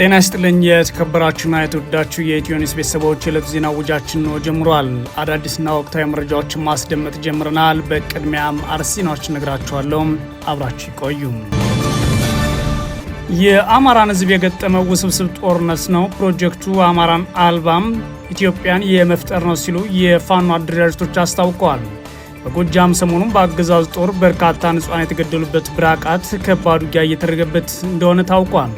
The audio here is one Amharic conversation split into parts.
ጤና ይስጥልኝ የተከበራችሁና የተወዳችሁ የኢትዮ ቤተሰቦች፣ የዕለቱ ዜና ውጃችን ነው ጀምሯል። አዳዲስና ወቅታዊ መረጃዎችን ማስደመጥ ጀምረናል። በቅድሚያም አርዕስተ ዜናዎችን ነግራችኋለሁ። አብራችሁ ይቆዩ። የአማራን ሕዝብ የገጠመው ውስብስብ ጦርነት ነው፣ ፕሮጀክቱ አማራን አልባም ኢትዮጵያን የመፍጠር ነው ሲሉ የፋኖ አደረጃጀቶች አስታውቀዋል። በጎጃም ሰሞኑን በአገዛዝ ጦር በርካታ ንጹሐን የተገደሉበት ብራቃት ከባድ ውጊያ እየተደረገበት እንደሆነ ታውቋል።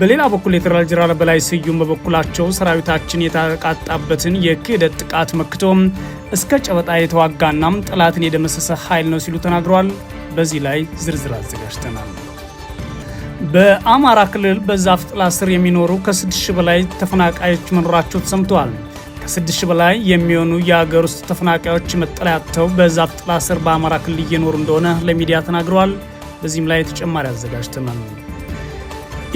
በሌላ በኩል የፌዴራል ጀነራል በላይ ስዩም በበኩላቸው ሰራዊታችን የተቃጣበትን የክህደት ጥቃት መክቶ እስከ ጨበጣ የተዋጋናም ጠላትን የደመሰሰ ኃይል ነው ሲሉ ተናግረዋል። በዚህ ላይ ዝርዝር አዘጋጅተናል። በአማራ ክልል በዛፍ ጥላ ስር የሚኖሩ ከ6000 በላይ ተፈናቃዮች መኖራቸው ተሰምተዋል። ከ6000 በላይ የሚሆኑ የሀገር ውስጥ ተፈናቃዮች መጠለያ አጥተው በዛፍ ጥላ ስር በአማራ ክልል እየኖሩ እንደሆነ ለሚዲያ ተናግረዋል። በዚህም ላይ ተጨማሪ አዘጋጅተናል።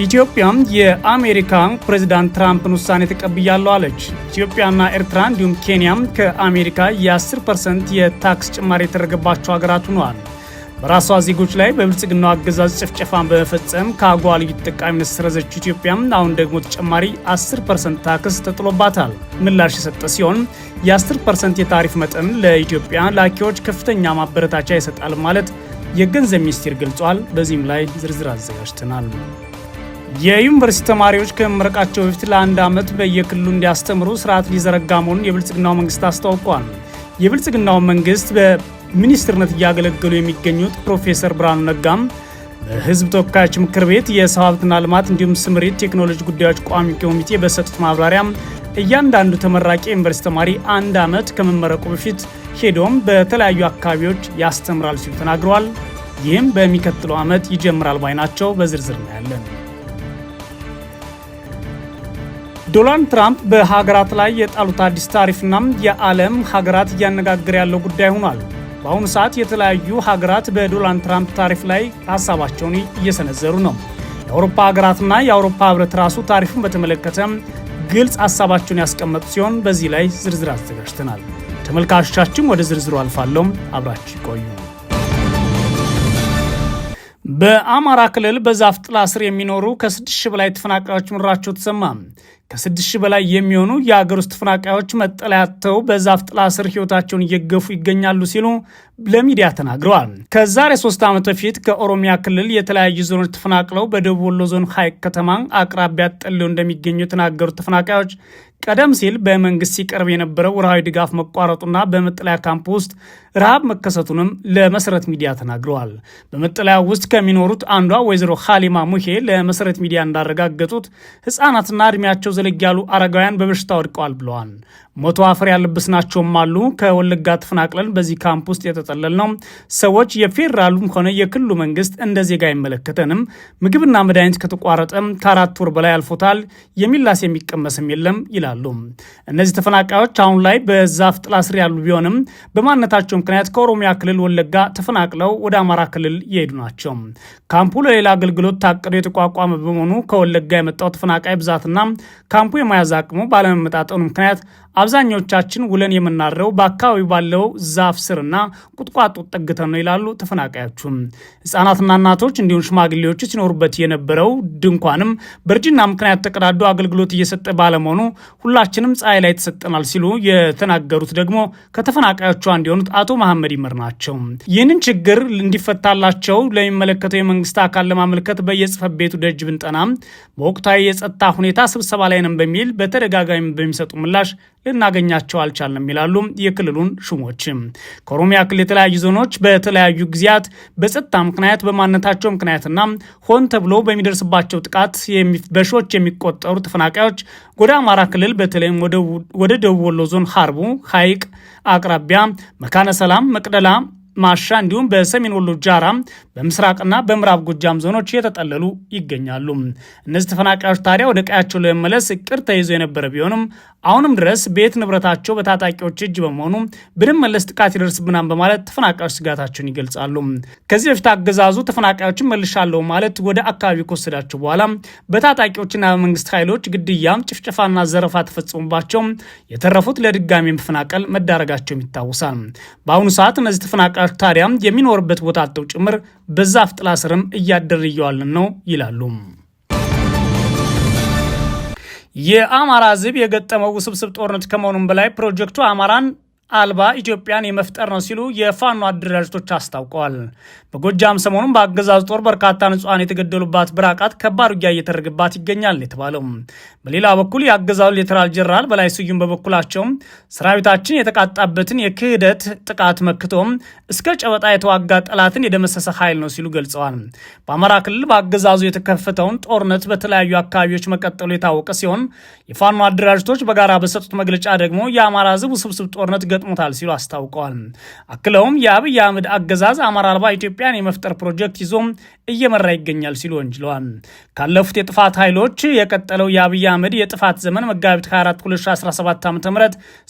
ኢትዮጵያም የአሜሪካን ፕሬዚዳንት ትራምፕን ውሳኔ ተቀብያለሁ አለች። ኢትዮጵያና ኤርትራ እንዲሁም ኬንያም ከአሜሪካ የ10 ፐርሰንት የታክስ ጭማሪ የተደረገባቸው ሀገራት ሆነዋል። በራሷ ዜጎች ላይ በብልጽግናው አገዛዝ ጭፍጨፋን በመፈጸም ከአጓ ልዩ ተጠቃሚነት የተሰረዘችው ኢትዮጵያም አሁን ደግሞ ተጨማሪ 10 ፐርሰንት ታክስ ተጥሎባታል። ምላሽ የሰጠ ሲሆን የ10 ፐርሰንት የታሪፍ መጠን ለኢትዮጵያ ላኪዎች ከፍተኛ ማበረታቻ ይሰጣል ማለት የገንዘብ ሚኒስቴር ገልጿል። በዚህም ላይ ዝርዝር አዘጋጅተናል። የዩኒቨርሲቲ ተማሪዎች ከምረቃቸው በፊት ለአንድ ዓመት በየክልሉ እንዲያስተምሩ ስርዓት ሊዘረጋ መሆኑን የብልጽግናው መንግስት አስታውቋል። የብልጽግናው መንግስት በሚኒስትርነት እያገለገሉ የሚገኙት ፕሮፌሰር ብርሃኑ ነጋም በህዝብ ተወካዮች ምክር ቤት የሰው ሀብትና ልማት እንዲሁም ስምሪት ቴክኖሎጂ ጉዳዮች ቋሚ ኮሚቴ በሰጡት ማብራሪያም እያንዳንዱ ተመራቂ ዩኒቨርሲቲ ተማሪ አንድ ዓመት ከመመረቁ በፊት ሄዶም በተለያዩ አካባቢዎች ያስተምራል ሲሉ ተናግረዋል። ይህም በሚቀጥለው ዓመት ይጀምራል ባይ ናቸው። በዝርዝር ነው ዶናልድ ትራምፕ በሀገራት ላይ የጣሉት አዲስ ታሪፍና የዓለም ሀገራት እያነጋገረ ያለው ጉዳይ ሆኗል። በአሁኑ ሰዓት የተለያዩ ሀገራት በዶናልድ ትራምፕ ታሪፍ ላይ ሀሳባቸውን እየሰነዘሩ ነው። የአውሮፓ ሀገራትና የአውሮፓ ህብረት ራሱ ታሪፉን በተመለከተ ግልጽ ሀሳባቸውን ያስቀመጡ ሲሆን በዚህ ላይ ዝርዝር አዘጋጅተናል። ተመልካቾቻችን ወደ ዝርዝሩ አልፋለሁም፣ አብራችሁ ይቆዩ። በአማራ ክልል በዛፍ ጥላ ስር የሚኖሩ ከ6000 በላይ ተፈናቃዮች መኖራቸው ተሰማ። ከስድስት ሺህ በላይ የሚሆኑ የአገር ውስጥ ተፈናቃዮች መጠለያ አጥተው በዛፍ ጥላ ስር ህይወታቸውን እየገፉ ይገኛሉ ሲሉ ለሚዲያ ተናግረዋል። ከዛሬ ሶስት ዓመት በፊት ከኦሮሚያ ክልል የተለያዩ ዞኖች ተፈናቅለው በደቡብ ወሎ ዞን ሐይቅ ከተማ አቅራቢያ ጠለው እንደሚገኙ የተናገሩት ተፈናቃዮች ቀደም ሲል በመንግስት ሲቀርብ የነበረው ወርሃዊ ድጋፍ መቋረጡና በመጠለያ ካምፕ ውስጥ ረሃብ መከሰቱንም ለመሰረት ሚዲያ ተናግረዋል። በመጠለያ ውስጥ ከሚኖሩት አንዷ ወይዘሮ ሀሊማ ሙሄ ለመሰረት ሚዲያ እንዳረጋገጡት ህጻናትና እድሜያቸው ዘለግ ያሉ አረጋውያን በበሽታ ወድቀዋል ብለዋል። ሞቶ አፈር ናቸውም አሉ። ከወለጋ ተፈናቅለን በዚህ ካምፕ ውስጥ የተጠለል ነው ሰዎች የፌዴራሉም ሆነ የክልሉ መንግስት እንደ ዜጋ አይመለከተንም። ምግብና መድኃኒት ከተቋረጠም ከአራት ወር በላይ አልፎታል። የሚላስ የሚቀመስም የለም ይላሉ። እነዚህ ተፈናቃዮች አሁን ላይ በዛፍ ጥላ ስር ያሉ ቢሆንም በማንነታቸው ምክንያት ከኦሮሚያ ክልል ወለጋ ተፈናቅለው ወደ አማራ ክልል የሄዱ ናቸው። ካምፑ ለሌላ አገልግሎት ታቅዶ የተቋቋመ በመሆኑ ከወለጋ የመጣው ተፈናቃይ ብዛትና ካምፑ የመያዝ አቅሙ ባለመመጣጠኑ ምክንያት አብዛኞቻችን ውለን የምናድረው በአካባቢው ባለው ዛፍ ስርና ቁጥቋጦ ጠግተን ነው ይላሉ ተፈናቃዮቹም። ህጻናትና እናቶች እንዲሁም ሽማግሌዎች ሲኖሩበት የነበረው ድንኳንም በእርጅና ምክንያት ተቀዳዶ አገልግሎት እየሰጠ ባለመሆኑ ሁላችንም ፀሐይ ላይ ተሰጠናል ሲሉ የተናገሩት ደግሞ ከተፈናቃዮቹ አንዱ የሆኑት አቶ መሐመድ ይመር ናቸው። ይህንን ችግር እንዲፈታላቸው ለሚመለከተው የመንግስት አካል ለማመልከት በየጽህፈት ቤቱ ደጅ ብንጠናም በወቅታዊ የጸጥታ ሁኔታ ስብሰባ ላይ ነን በሚል በተደጋጋሚ በሚሰጡ ምላሽ ልናገኛቸው አልቻለም ይላሉ የክልሉን ሹሞች። ከኦሮሚያ ክልል የተለያዩ ዞኖች በተለያዩ ጊዜያት በጸጥታ ምክንያት በማንነታቸው ምክንያትና ሆን ተብሎ በሚደርስባቸው ጥቃት በሺዎች የሚቆጠሩ ተፈናቃዮች ወደ አማራ ክልል በተለይም ወደ ደቡብ ወሎ ዞን ሀርቡ ሐይቅ አቅራቢያ መካነ ሰላም፣ መቅደላ ማሻ እንዲሁም በሰሜን ወሎ ጃራ በምስራቅና በምዕራብ ጎጃም ዞኖች እየተጠለሉ ይገኛሉ። እነዚህ ተፈናቃዮች ታዲያ ወደ ቀያቸው ለመመለስ እቅድ ተይዞ የነበረ ቢሆንም አሁንም ድረስ ቤት ንብረታቸው በታጣቂዎች እጅ በመሆኑ ብንመለስ ጥቃት ይደርስብናል በማለት ተፈናቃዮች ስጋታቸውን ይገልጻሉ። ከዚህ በፊት አገዛዙ ተፈናቃዮችን መልሻለሁ ማለት ወደ አካባቢ ከወሰዳቸው በኋላ በታጣቂዎችና በመንግስት ኃይሎች ግድያም፣ ጭፍጨፋና ዘረፋ ተፈጽሙባቸው የተረፉት ለድጋሚ መፈናቀል መዳረጋቸውም ይታወሳል። በአሁኑ ሰዓት እነዚህ ተፈናቃዮች ታዲያም የሚኖርበት ቦታ አጥተው ጭምር በዛፍ ጥላ ስርም እያደርየዋልን ነው ይላሉ። የአማራ ህዝብ የገጠመው ውስብስብ ጦርነት ከመሆኑም በላይ ፕሮጀክቱ አማራን አልባ ኢትዮጵያን የመፍጠር ነው ሲሉ የፋኖ አደራጅቶች አስታውቀዋል። በጎጃም ሰሞኑን በአገዛዙ ጦር በርካታ ንጹሐን የተገደሉባት ብራቃት ከባድ ውጊያ እየተደረገባት ይገኛል የተባለው። በሌላ በኩል የአገዛዙ ሌተናል ጀነራል በላይ ስዩም በበኩላቸው ሰራዊታችን የተቃጣበትን የክህደት ጥቃት መክቶም እስከ ጨበጣ የተዋጋ ጠላትን የደመሰሰ ኃይል ነው ሲሉ ገልጸዋል። በአማራ ክልል በአገዛዙ የተከፈተውን ጦርነት በተለያዩ አካባቢዎች መቀጠሉ የታወቀ ሲሆን የፋኖ አደራጅቶች በጋራ በሰጡት መግለጫ ደግሞ የአማራ ህዝብ ውስብስብ ጦርነት ገጥሞታል ሲሉ አስታውቀዋል። አክለውም የአብይ አህመድ አገዛዝ አማራ አልባ ኢትዮጵያን የመፍጠር ፕሮጀክት ይዞም እየመራ ይገኛል ሲሉ ወንጅለዋል። ካለፉት የጥፋት ኃይሎች የቀጠለው የአብይ አህመድ የጥፋት ዘመን መጋቢት 24 2017 ዓ ም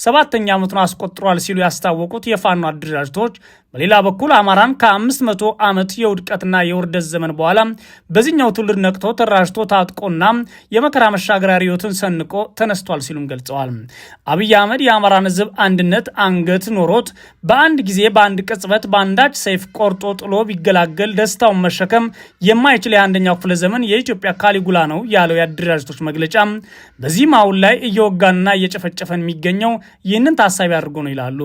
ሰባተኛ ዓመቱን አስቆጥሯል ሲሉ ያስታወቁት የፋኖ አደራጅቶች በሌላ በኩል አማራን ከ500 ዓመት የውድቀትና የውርደት ዘመን በኋላ በዚህኛው ትውልድ ነቅቶ ተራጅቶ ታጥቆና የመከራ መሻገሪያ ሪዮትን ሰንቆ ተነስቷል ሲሉም ገልጸዋል። አብይ አህመድ የአማራን ህዝብ አንድነት አንገት ኖሮት በአንድ ጊዜ በአንድ ቅጽበት በአንዳች ሰይፍ ቆርጦ ጥሎ ቢገላገል ደስታውን መሸከም የማይችል የአንደኛው ክፍለ ዘመን የኢትዮጵያ ካሊጉላ ነው ያለው የአደራጅቶች መግለጫ በዚህም አሁን ላይ እየወጋንና እየጨፈጨፈን የሚገኘው ይህንን ታሳቢ አድርጎ ነው ይላሉ።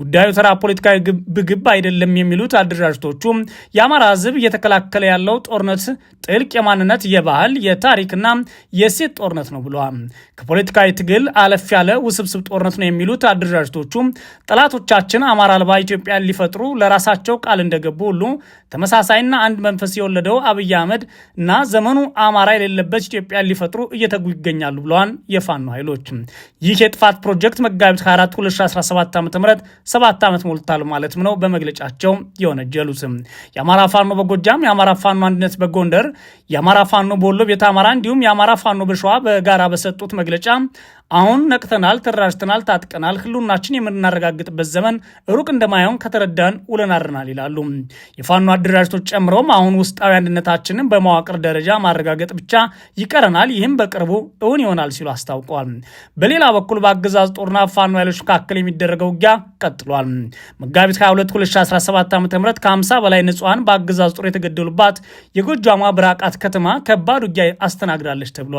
ጉዳዩ ተራ ፖለቲካዊ ብግብ አይደለም የሚሉት አደራጅቶቹ የአማራ ህዝብ እየተከላከለ ያለው ጦርነት ጥልቅ የማንነት፣ የባህል፣ የታሪክና የሴት ጦርነት ነው ብለዋል። ከፖለቲካዊ ትግል አለፍ ያለ ውስብስብ ጦርነት ነው የሚሉት አደራጅቶቹ ሁለቱም ጠላቶቻችን አማራ አልባ ኢትዮጵያን ሊፈጥሩ ለራሳቸው ቃል እንደገቡ ሁሉ ተመሳሳይና አንድ መንፈስ የወለደው አብይ አህመድ እና ዘመኑ አማራ የሌለበት ኢትዮጵያን ሊፈጥሩ እየተጉ ይገኛሉ ብለዋል የፋኖ ኃይሎች። ይህ የጥፋት ፕሮጀክት መጋቢት 24 2017 ዓ ም ሰባት ዓመት ሞልታል ማለትም ነው በመግለጫቸው የወነጀሉት። የአማራ ፋኖ በጎጃም፣ የአማራ ፋኖ አንድነት በጎንደር፣ የአማራ ፋኖ በወሎ ቤተ አማራ እንዲሁም የአማራ ፋኖ በሸዋ በጋራ በሰጡት መግለጫ አሁን ነቅተናል፣ ተደራጅተናል፣ ታጥቀናል፣ ህልውናችን የምናረጋግጥበት ዘመን ሩቅ እንደማይሆን ከተረዳን ውለናርናል ይላሉ። የፋኖ አደራጅቶች ጨምሮም አሁን ውስጣዊ አንድነታችንን በመዋቅር ደረጃ ማረጋገጥ ብቻ ይቀረናል፣ ይህም በቅርቡ እውን ይሆናል ሲሉ አስታውቀዋል። በሌላ በኩል በአገዛዝ ጦርና ፋኖ ኃይሎች መካከል የሚደረገው ውጊያ ቀጥሏል። መጋቢት 22 2017 ዓ ም ከ50 በላይ ንጹሐን በአገዛዝ ጦር የተገደሉባት የጎጃሟ ብራቃት ከተማ ከባድ ውጊያ አስተናግዳለች ተብሏል።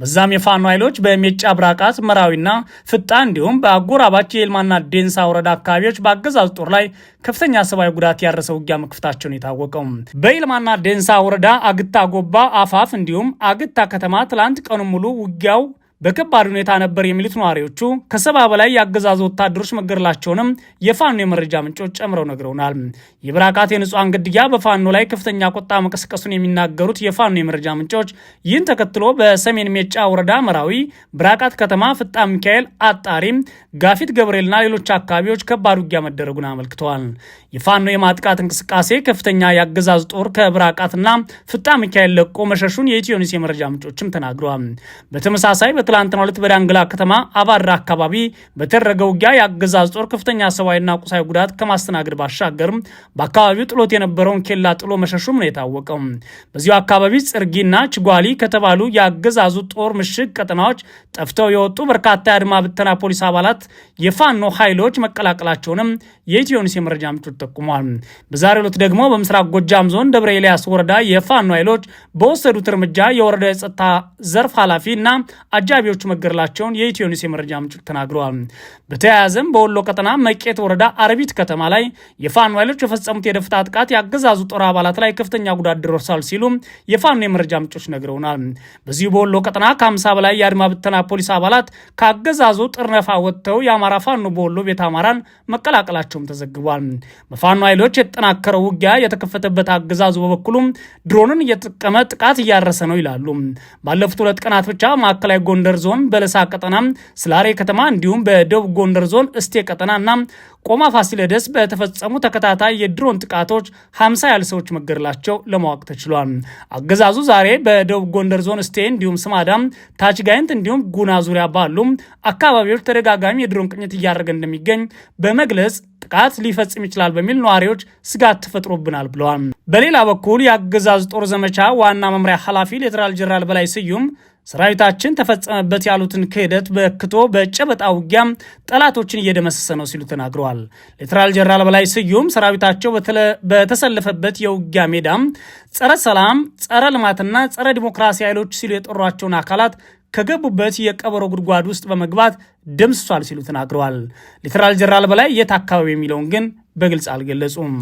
በዛም የፋኖ ኃይሎች በሜጫ ብራቃ ጥቃት መራዊና ፍጣ እንዲሁም በአጎራባች የልማና ዴንሳ ወረዳ አካባቢዎች በአገዛዝ ጦር ላይ ከፍተኛ ሰብአዊ ጉዳት ያደረሰ ውጊያ መክፈታቸውን የታወቀው በይልማና ዴንሳ ወረዳ አግታ ጎባ አፋፍ እንዲሁም አግታ ከተማ ትላንት ቀኑ ሙሉ ውጊያው በከባድ ሁኔታ ነበር የሚሉት ነዋሪዎቹ ከሰባ በላይ የአገዛዙ ወታደሮች መገደላቸውንም የፋኖ የመረጃ ምንጮች ጨምረው ነግረውናል። የብራካት የንጹሐን ግድያ በፋኖ ላይ ከፍተኛ ቁጣ መቀስቀሱን የሚናገሩት የፋኖ የመረጃ ምንጮች ይህን ተከትሎ በሰሜን ሜጫ ወረዳ መራዊ፣ ብራካት ከተማ፣ ፍጣ ሚካኤል፣ አጣሪም፣ ጋፊት ገብርኤልና ሌሎች አካባቢዎች ከባድ ውጊያ መደረጉን አመልክተዋል። የፋኖ የማጥቃት እንቅስቃሴ ከፍተኛ የአገዛዝ ጦር ከብራካትና ፍጣ ሚካኤል ለቆ መሸሹን የኢትዮኒስ የመረጃ ምንጮችም ተናግረዋል። በተመሳሳይ ትላንትና ዕለት በዳንግላ ከተማ አባራ አካባቢ በተደረገ ውጊያ የአገዛዝ ጦር ከፍተኛ ሰብአዊና ቁሳዊ ጉዳት ከማስተናገድ ባሻገርም በአካባቢው ጥሎት የነበረውን ኬላ ጥሎ መሸሹም ነው የታወቀው። በዚሁ አካባቢ ጽርጊና ችጓሊ ከተባሉ የአገዛዙ ጦር ምሽግ ቀጠናዎች ጠፍተው የወጡ በርካታ የአድማ ብተና ፖሊስ አባላት የፋኖ ኃይሎች መቀላቀላቸውንም የኢትዮኒስ የመረጃ ምንጮች ጠቁሟል። በዛሬው ዕለት ደግሞ በምስራቅ ጎጃም ዞን ደብረ ኤልያስ ወረዳ የፋኖ ኃይሎች በወሰዱት እርምጃ የወረዳ የጸጥታ ዘርፍ ኃላፊ እና አጃ አካባቢዎች መገደላቸውን የኢትዮ ኒውስ የመረጃ ምንጮች ተናግረዋል። በተያያዘም በወሎ ቀጠና መቄት ወረዳ አረቢት ከተማ ላይ የፋኖ ኃይሎች የፈጸሙት የደፍታ ጥቃት የአገዛዙ ጦር አባላት ላይ ከፍተኛ ጉዳት ደርሷል ሲሉ የፋኖ የመረጃ ምንጮች ነግረውናል። በዚሁ በወሎ ቀጠና ከአምሳ በላይ የአድማ ብተና ፖሊስ አባላት ከአገዛዙ ጥርነፋ ወጥተው የአማራ ፋኖ በወሎ ቤት አማራን መቀላቀላቸውም ተዘግቧል። በፋኖ ኃይሎች የተጠናከረው ውጊያ የተከፈተበት አገዛዙ በበኩሉም ድሮንን እየተጠቀመ ጥቃት እያረሰ ነው ይላሉ። ባለፉት ሁለት ቀናት ብቻ ማዕከላዊ ጎንደር ጎንደር ዞን በለሳ ቀጠና ስላሬ ከተማ እንዲሁም በደቡብ ጎንደር ዞን እስቴ ቀጠናና ቆማ ፋሲለደስ በተፈጸሙ ተከታታይ የድሮን ጥቃቶች 50 ያህል ሰዎች መገደላቸው ለማወቅ ተችሏል። አገዛዙ ዛሬ በደቡብ ጎንደር ዞን እስቴ እንዲሁም ስማዳም፣ ታችጋይንት እንዲሁም ጉና ዙሪያ ባሉ አካባቢዎች ተደጋጋሚ የድሮን ቅኝት እያደረገ እንደሚገኝ በመግለጽ ጥቃት ሊፈጽም ይችላል በሚል ነዋሪዎች ስጋት ተፈጥሮብናል ብለዋል። በሌላ በኩል የአገዛዝ ጦር ዘመቻ ዋና መምሪያ ኃላፊ ሌተናል ጀነራል በላይ ስዩም ሰራዊታችን ተፈጸመበት ያሉትን ክህደት በክቶ በጨበጣ ውጊያም ጠላቶችን እየደመሰሰ ነው ሲሉ ተናግረዋል። ሌተናል ጀነራል በላይ ስዩም ሰራዊታቸው በተሰለፈበት የውጊያ ሜዳም ጸረ ሰላም፣ ጸረ ልማትና ጸረ ዲሞክራሲ ኃይሎች ሲሉ የጠሯቸውን አካላት ከገቡበት የቀበሮ ጉድጓድ ውስጥ በመግባት ደምስሷል ሲሉ ተናግረዋል። ሌተናል ጀነራል በላይ የት አካባቢ የሚለውን ግን በግልጽ አልገለጹም።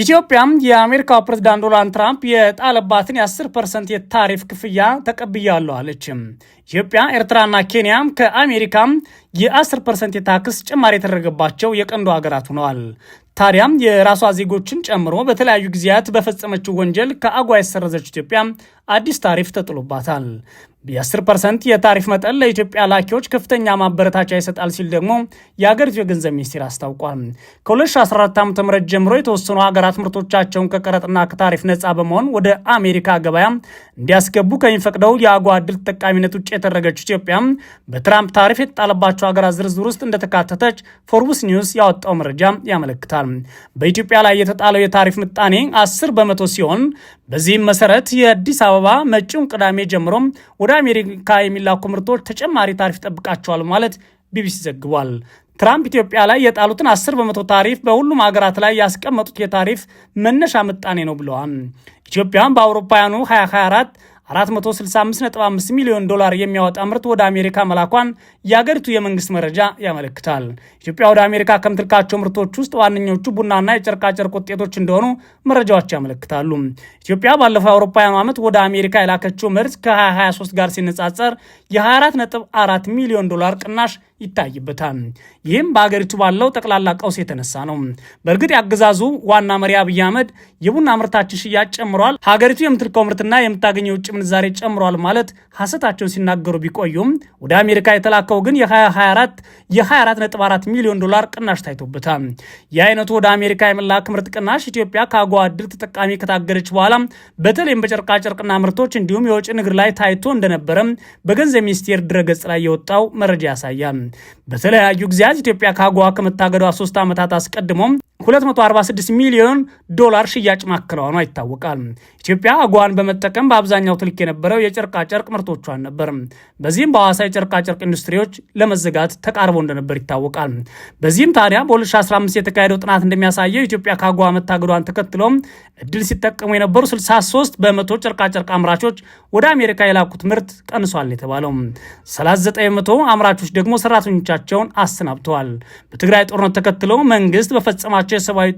ኢትዮጵያም የአሜሪካው ፕሬዝዳንት ዶናልድ ትራምፕ የጣለባትን የ10 ፐርሰንት የታሪፍ ክፍያ ተቀብያለሁ አለችም። ኢትዮጵያ ኤርትራና ኬንያም ከአሜሪካም የ10 ፐርሰንት የታክስ ጭማሪ የተደረገባቸው የቀንዱ ሀገራት ሆነዋል። ታዲያም የራሷ ዜጎችን ጨምሮ በተለያዩ ጊዜያት በፈጸመችው ወንጀል ከአጓ የተሰረዘች ኢትዮጵያ አዲስ ታሪፍ ተጥሎባታል። የ10 ፐርሰንት የታሪፍ መጠን ለኢትዮጵያ ላኪዎች ከፍተኛ ማበረታቻ ይሰጣል ሲል ደግሞ የአገሪቱ የገንዘብ ሚኒስቴር አስታውቋል። ከ2014 ዓ ም ጀምሮ የተወሰኑ ሀገራት ምርቶቻቸውን ከቀረጥና ከታሪፍ ነፃ በመሆን ወደ አሜሪካ ገበያ እንዲያስገቡ ከሚፈቅደው የአጓ ዕድል ተጠቃሚነት ውጭ የተደረገች ኢትዮጵያ በትራምፕ ታሪፍ የተጣለባቸው ካሏቸው ሀገራት ዝርዝር ውስጥ እንደተካተተች ፎርቡስ ኒውስ ያወጣው መረጃ ያመለክታል። በኢትዮጵያ ላይ የተጣለው የታሪፍ ምጣኔ 10 በመቶ ሲሆን በዚህም መሰረት የአዲስ አበባ መጪውን ቅዳሜ ጀምሮም ወደ አሜሪካ የሚላኩ ምርቶች ተጨማሪ ታሪፍ ይጠብቃቸዋል ማለት ቢቢሲ ዘግቧል። ትራምፕ ኢትዮጵያ ላይ የጣሉትን 10 በመቶ ታሪፍ በሁሉም ሀገራት ላይ ያስቀመጡት የታሪፍ መነሻ ምጣኔ ነው ብለዋል። ኢትዮጵያም በአውሮፓውያኑ 2024 465.5 ሚሊዮን ዶላር የሚያወጣ ምርት ወደ አሜሪካ መላኳን የአገሪቱ የመንግስት መረጃ ያመለክታል። ኢትዮጵያ ወደ አሜሪካ ከምትልካቸው ምርቶች ውስጥ ዋነኞቹ ቡናና የጨርቃጨርቅ ውጤቶች እንደሆኑ መረጃዎች ያመለክታሉ። ኢትዮጵያ ባለፈው አውሮፓውያኑ ዓመት ወደ አሜሪካ የላከችው ምርት ከ2023 ጋር ሲነጻጸር የ24.4 ሚሊዮን ዶላር ቅናሽ ይታይበታል። ይህም በአገሪቱ ባለው ጠቅላላ ቀውስ የተነሳ ነው። በእርግጥ የአገዛዙ ዋና መሪ አብይ አህመድ የቡና ምርታችን ሽያጭ ጨምሯል፣ ሀገሪቱ የምትልከው ምርትና የምታገኘው ውጭ ምንዛሬ ጨምሯል ማለት ሀሰታቸውን ሲናገሩ ቢቆዩም ወደ አሜሪካ የተላከው ግን የ24 የ24.4 ሚሊዮን ዶላር ቅናሽ ታይቶበታል። ይህ አይነቱ ወደ አሜሪካ የመላክ ምርት ቅናሽ ኢትዮጵያ ከአጎዋ ዕድል ተጠቃሚ ከታገደች በኋላ በተለይም በጨርቃጨርቅና ምርቶች እንዲሁም የውጭ ንግድ ላይ ታይቶ እንደነበረም በገንዘብ ሚኒስቴር ድረገጽ ላይ የወጣው መረጃ ያሳያል። በተለያዩ ጊዜያት ኢትዮጵያ ከአጎዋ ከመታገዷ ሶስት ዓመታት አስቀድሞም 246 ሚሊዮን ዶላር ሽያጭ ማከናወኗ ይታወቃል። ኢትዮጵያ አጓን በመጠቀም በአብዛኛው ትልክ የነበረው የጨርቃጨርቅ ምርቶቿን ነበር። በዚህም በሐዋሳ የጨርቃጨርቅ ኢንዱስትሪዎች ለመዘጋት ተቃርቦ እንደነበር ይታወቃል። በዚህም ታዲያ በ2015 የተካሄደው ጥናት እንደሚያሳየው ኢትዮጵያ ከአጓ መታገዷን ተከትሎም እድል ሲጠቀሙ የነበሩ 63 በመቶ ጨርቃጨርቅ አምራቾች ወደ አሜሪካ የላኩት ምርት ቀንሷል የተባለው 39 በመቶ አምራቾች ደግሞ ሰራተኞቻቸውን አሰናብተዋል። በትግራይ ጦርነት ተከትሎ መንግስት በፈጸማቸው በተሰራባቸው የሰብአዊ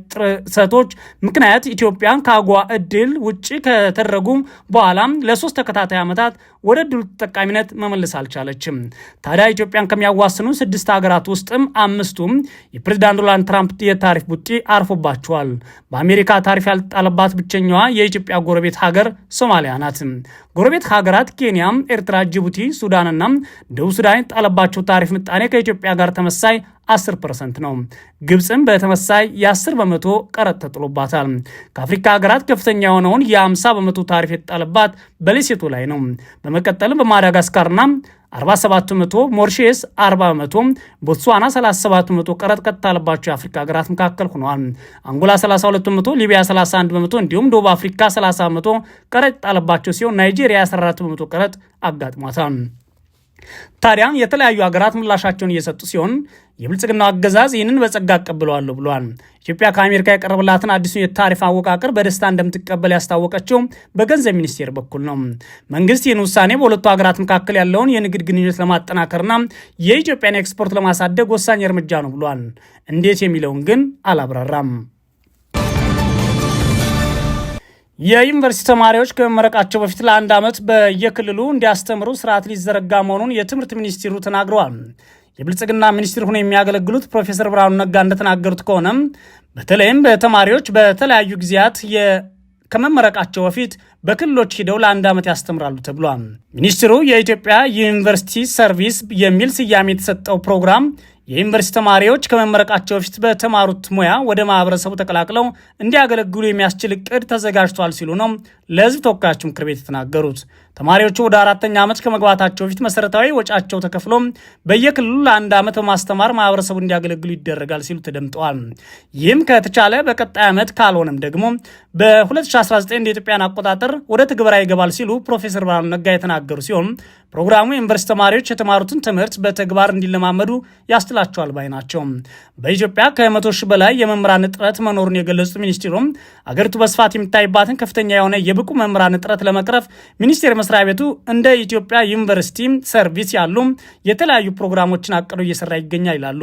ጥሰቶች ምክንያት ኢትዮጵያን ከአጓ እድል ውጭ ከተደረጉ በኋላም ለሶስት ተከታታይ ዓመታት ወደ እድሉ ተጠቃሚነት መመለስ አልቻለችም። ታዲያ ኢትዮጵያን ከሚያዋስኑ ስድስት ሀገራት ውስጥም አምስቱም የፕሬዚዳንት ዶናልድ ትራምፕ የታሪፍ ቡጢ አርፎባቸዋል። በአሜሪካ ታሪፍ ያልጣለባት ብቸኛዋ የኢትዮጵያ ጎረቤት ሀገር ሶማሊያ ናት። ጎረቤት ሀገራት ኬንያ፣ ኤርትራ፣ ጅቡቲ፣ ሱዳንና ደቡብ ሱዳን የጣለባቸው ታሪፍ ምጣኔ ከኢትዮጵያ ጋር ተመሳይ 10 ፐርሰንት ነው። ግብፅም በተመሳይ የ10 በመቶ ቀረጥ ተጥሎባታል። ከአፍሪካ ሀገራት ከፍተኛ የሆነውን የ50 በመቶ ታሪፍ የተጣለባት በሌሴቶ ላይ ነው። በመቀጠልም በማዳጋስካርና 47 በመቶ ሞርሼስ 40 በመቶ ቦትስዋና 37 በመቶ ቀረጥ ከተጣለባቸው የአፍሪካ ሀገራት መካከል ሆነዋል። አንጎላ 32 በመቶ፣ ሊቢያ 31 በመቶ እንዲሁም ደቡብ አፍሪካ 30 በመቶ ቀረጥ የተጣለባቸው ሲሆን ናይጄሪያ 14 በመቶ ቀረጥ አጋጥሟታል። ታዲያም የተለያዩ ሀገራት ምላሻቸውን እየሰጡ ሲሆን የብልጽግናው አገዛዝ ይህንን በጸጋ አቀብለዋለሁ ብሏል። ኢትዮጵያ ከአሜሪካ የቀረበላትን አዲሱን የታሪፍ አወቃቀር በደስታ እንደምትቀበል ያስታወቀችው በገንዘብ ሚኒስቴር በኩል ነው። መንግስት ይህን ውሳኔ በሁለቱ ሀገራት መካከል ያለውን የንግድ ግንኙነት ለማጠናከርና የኢትዮጵያን ኤክስፖርት ለማሳደግ ወሳኝ እርምጃ ነው ብሏል። እንዴት የሚለውን ግን አላብራራም። የዩኒቨርሲቲ ተማሪዎች ከመመረቃቸው በፊት ለአንድ ዓመት በየክልሉ እንዲያስተምሩ ስርዓት ሊዘረጋ መሆኑን የትምህርት ሚኒስትሩ ተናግረዋል። የብልጽግና ሚኒስትር ሆነው የሚያገለግሉት ፕሮፌሰር ብርሃኑ ነጋ እንደተናገሩት ከሆነም በተለይም በተማሪዎች በተለያዩ ጊዜያት ከመመረቃቸው በፊት በክልሎች ሂደው ለአንድ ዓመት ያስተምራሉ ተብሏል። ሚኒስትሩ የኢትዮጵያ ዩኒቨርሲቲ ሰርቪስ የሚል ስያሜ የተሰጠው ፕሮግራም የዩኒቨርሲቲ ተማሪዎች ከመመረቃቸው በፊት በተማሩት ሙያ ወደ ማህበረሰቡ ተቀላቅለው እንዲያገለግሉ የሚያስችል እቅድ ተዘጋጅቷል ሲሉ ነው ለህዝብ ተወካዮች ምክር ቤት የተናገሩት። ተማሪዎቹ ወደ አራተኛ ዓመት ከመግባታቸው በፊት መሰረታዊ ወጫቸው ተከፍሎ በየክልሉ ለአንድ ዓመት በማስተማር ማህበረሰቡ እንዲያገለግሉ ይደረጋል ሲሉ ተደምጠዋል። ይህም ከተቻለ በቀጣይ ዓመት ካልሆነም ደግሞ በ2019 እንደ ኢትዮጵያን አቆጣጠር ወደ ትግበራ ይገባል ሲሉ ፕሮፌሰር ብርሃኑ ነጋ የተናገሩ ሲሆን ፕሮግራሙ የዩኒቨርስቲ ተማሪዎች የተማሩትን ትምህርት በተግባር እንዲለማመዱ ያስችላቸዋል ባይ ናቸው። በኢትዮጵያ ከመቶ ሺህ በላይ የመምህራን እጥረት መኖሩን የገለጹት ሚኒስቴሩም አገሪቱ በስፋት የሚታይባትን ከፍተኛ የሆነ የብቁ መምህራን እጥረት ለመቅረፍ ሚኒስቴር መስሪያ ቤቱ እንደ ኢትዮጵያ ዩኒቨርሲቲ ሰርቪስ ያሉ የተለያዩ ፕሮግራሞችን አቅዶ እየሰራ ይገኛል ይላሉ።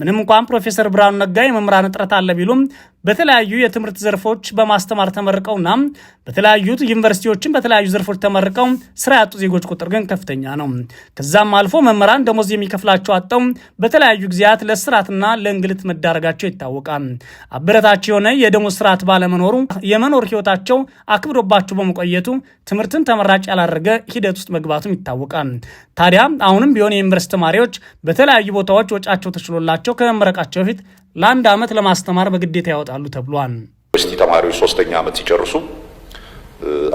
ምንም እንኳን ፕሮፌሰር ብርሃኑ ነጋ የመምህራን እጥረት አለ ቢሉም በተለያዩ የትምህርት ዘርፎች በማስተማር ተመርቀውና በተለያዩ ዩኒቨርሲቲዎችን በተለያዩ ዘርፎች ተመርቀው ስራ ያጡ ዜጎች ቁጥር ግን ከፍተኛ ነው። ከዛም አልፎ መምህራን ደሞዝ የሚከፍላቸው አጠው በተለያዩ ጊዜያት ለስርዓትና ለእንግልት መዳረጋቸው ይታወቃል። አበረታች የሆነ የደሞዝ ስርዓት ባለመኖሩ የመኖር ህይወታቸው አክብዶባቸው በመቆየቱ ትምህርትን ተመራጭ ያላደረገ ሂደት ውስጥ መግባቱም ይታወቃል። ታዲያ አሁንም ቢሆን የዩኒቨርስቲ ተማሪዎች በተለያዩ ቦታዎች ወጫቸው ተችሎላቸው ከመመረቃቸው በፊት ለአንድ ዓመት ለማስተማር በግዴታ ያወጣሉ ተብሏል። ዩኒቨርሲቲ ተማሪዎች ሶስተኛ ዓመት ሲጨርሱ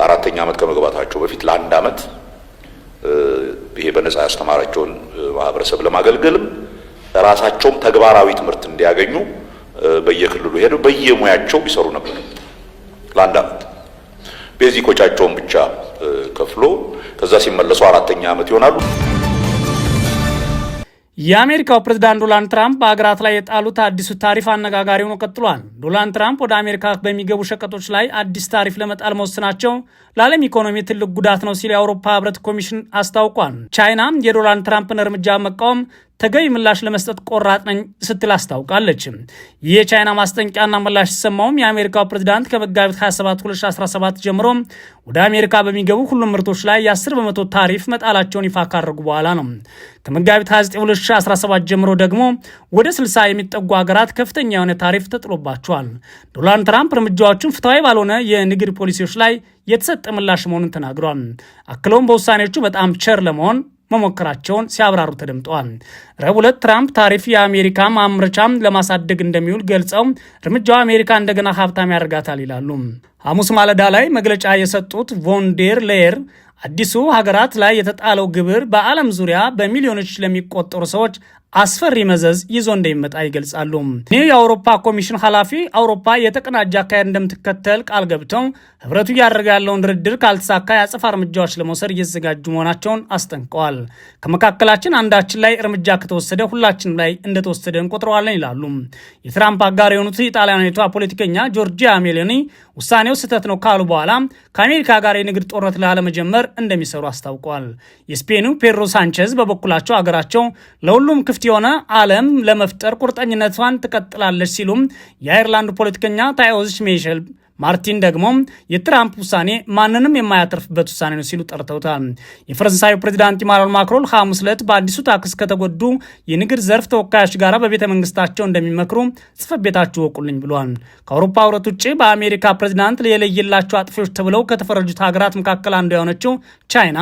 አራተኛ ዓመት ከመግባታቸው በፊት ለአንድ ዓመት ይሄ በነጻ ያስተማራቸውን ማህበረሰብ ለማገልገልም ራሳቸውም ተግባራዊ ትምህርት እንዲያገኙ በየክልሉ ሄደው በየሙያቸው ይሰሩ ነበር። ለአንድ ዓመት ቤዚኮቻቸውን ብቻ ከፍሎ ከዛ ሲመለሱ አራተኛ ዓመት ይሆናሉ። የአሜሪካው ፕሬዝዳንት ዶናልድ ትራምፕ በሀገራት ላይ የጣሉት አዲሱ ታሪፍ አነጋጋሪ ሆኖ ቀጥሏል። ዶናልድ ትራምፕ ወደ አሜሪካ በሚገቡ ሸቀጦች ላይ አዲስ ታሪፍ ለመጣል መወሰናቸው ለዓለም ኢኮኖሚ ትልቅ ጉዳት ነው ሲል የአውሮፓ ሕብረት ኮሚሽን አስታውቋል። ቻይና የዶናልድ ትራምፕን እርምጃ መቃወም ተገቢ ምላሽ ለመስጠት ቆራጥ ነኝ ስትል አስታውቃለች። ይህ የቻይና ማስጠንቂያና ምላሽ ሲሰማውም የአሜሪካው ፕሬዚዳንት ከመጋቢት 27 2017 ጀምሮ ወደ አሜሪካ በሚገቡ ሁሉም ምርቶች ላይ የ10 በመቶ ታሪፍ መጣላቸውን ይፋ ካደረጉ በኋላ ነው። ከመጋቢት 29 2017 ጀምሮ ደግሞ ወደ 60 የሚጠጉ ሀገራት ከፍተኛ የሆነ ታሪፍ ተጥሎባቸዋል። ዶናልድ ትራምፕ እርምጃዎቹን ፍትሐዊ ባልሆነ የንግድ ፖሊሲዎች ላይ የተሰጠ ምላሽ መሆኑን ተናግሯል። አክለውም በውሳኔዎቹ በጣም ቸር ለመሆን መሞከራቸውን ሲያብራሩ ተደምጠዋል። ረቡዕ ዕለት ትራምፕ ታሪፍ የአሜሪካ ማምረቻም ለማሳደግ እንደሚውል ገልጸው እርምጃው አሜሪካ እንደገና ሀብታም ያደርጋታል ይላሉ። ሐሙስ ማለዳ ላይ መግለጫ የሰጡት ቮንዴር ሌየር አዲሱ ሀገራት ላይ የተጣለው ግብር በዓለም ዙሪያ በሚሊዮኖች ለሚቆጠሩ ሰዎች አስፈሪ መዘዝ ይዞ እንደሚመጣ ይገልጻሉ። ይህ የአውሮፓ ኮሚሽን ኃላፊ አውሮፓ የተቀናጀ አካሄድ እንደምትከተል ቃል ገብተው ህብረቱ እያደረገ ያለውን ድርድር ካልተሳካ የአጸፋ እርምጃዎች ለመውሰድ እየተዘጋጁ መሆናቸውን አስጠንቀዋል። ከመካከላችን አንዳችን ላይ እርምጃ ከተወሰደ ሁላችንም ላይ እንደተወሰደ እንቆጥረዋለን ይላሉ። የትራምፕ አጋር የሆኑት የጣሊያኒቷ ፖለቲከኛ ጆርጂያ ሜሎኒ ውሳኔው ስህተት ነው ካሉ በኋላ ከአሜሪካ ጋር የንግድ ጦርነት ላለመጀመር እንደሚሰሩ አስታውቋል። የስፔኑ ፔድሮ ሳንቼዝ በበኩላቸው አገራቸው ለሁሉም ክፍት የሆነ ዓለም ለመፍጠር ቁርጠኝነቷን ትቀጥላለች ሲሉም የአይርላንዱ ፖለቲከኛ ታዮዝሽ ሜሽል ማርቲን ደግሞ የትራምፕ ውሳኔ ማንንም የማያተርፍበት ውሳኔ ነው ሲሉ ጠርተውታል። የፈረንሳዩ ፕሬዚዳንት ኢማኑኤል ማክሮን ሐሙስ ዕለት በአዲሱ ታክስ ከተጎዱ የንግድ ዘርፍ ተወካዮች ጋር በቤተ መንግስታቸው እንደሚመክሩ ጽፈት ቤታቸው ወቁልኝ ብሏል። ከአውሮፓ ህብረት ውጭ በአሜሪካ ፕሬዚዳንት የለየላቸው አጥፊዎች ተብለው ከተፈረጁት ሀገራት መካከል አንዱ የሆነችው ቻይና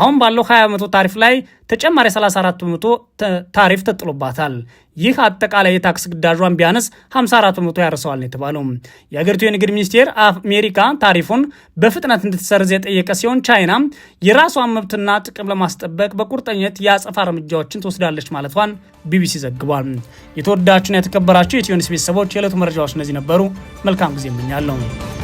አሁን ባለው 20 በመቶ ታሪፍ ላይ ተጨማሪ 34 በመቶ ታሪፍ ተጥሎባታል። ይህ አጠቃላይ የታክስ ግዳጇን ቢያንስ 54 በመቶ ያርሰዋል ነው የተባለው። የአገሪቱ የንግድ ሚኒስቴር አሜሪካ ታሪፉን በፍጥነት እንድትሰርዝ የጠየቀ ሲሆን ቻይና የራሷን መብትና ጥቅም ለማስጠበቅ በቁርጠኝነት የአጸፋ እርምጃዎችን ትወስዳለች ማለቷን ቢቢሲ ዘግቧል። የተወደዳችሁና የተከበራችሁ የኢትዮ ኒውስ ቤተሰቦች የዕለቱ መረጃዎች እነዚህ ነበሩ። መልካም ጊዜ እመኛለሁ።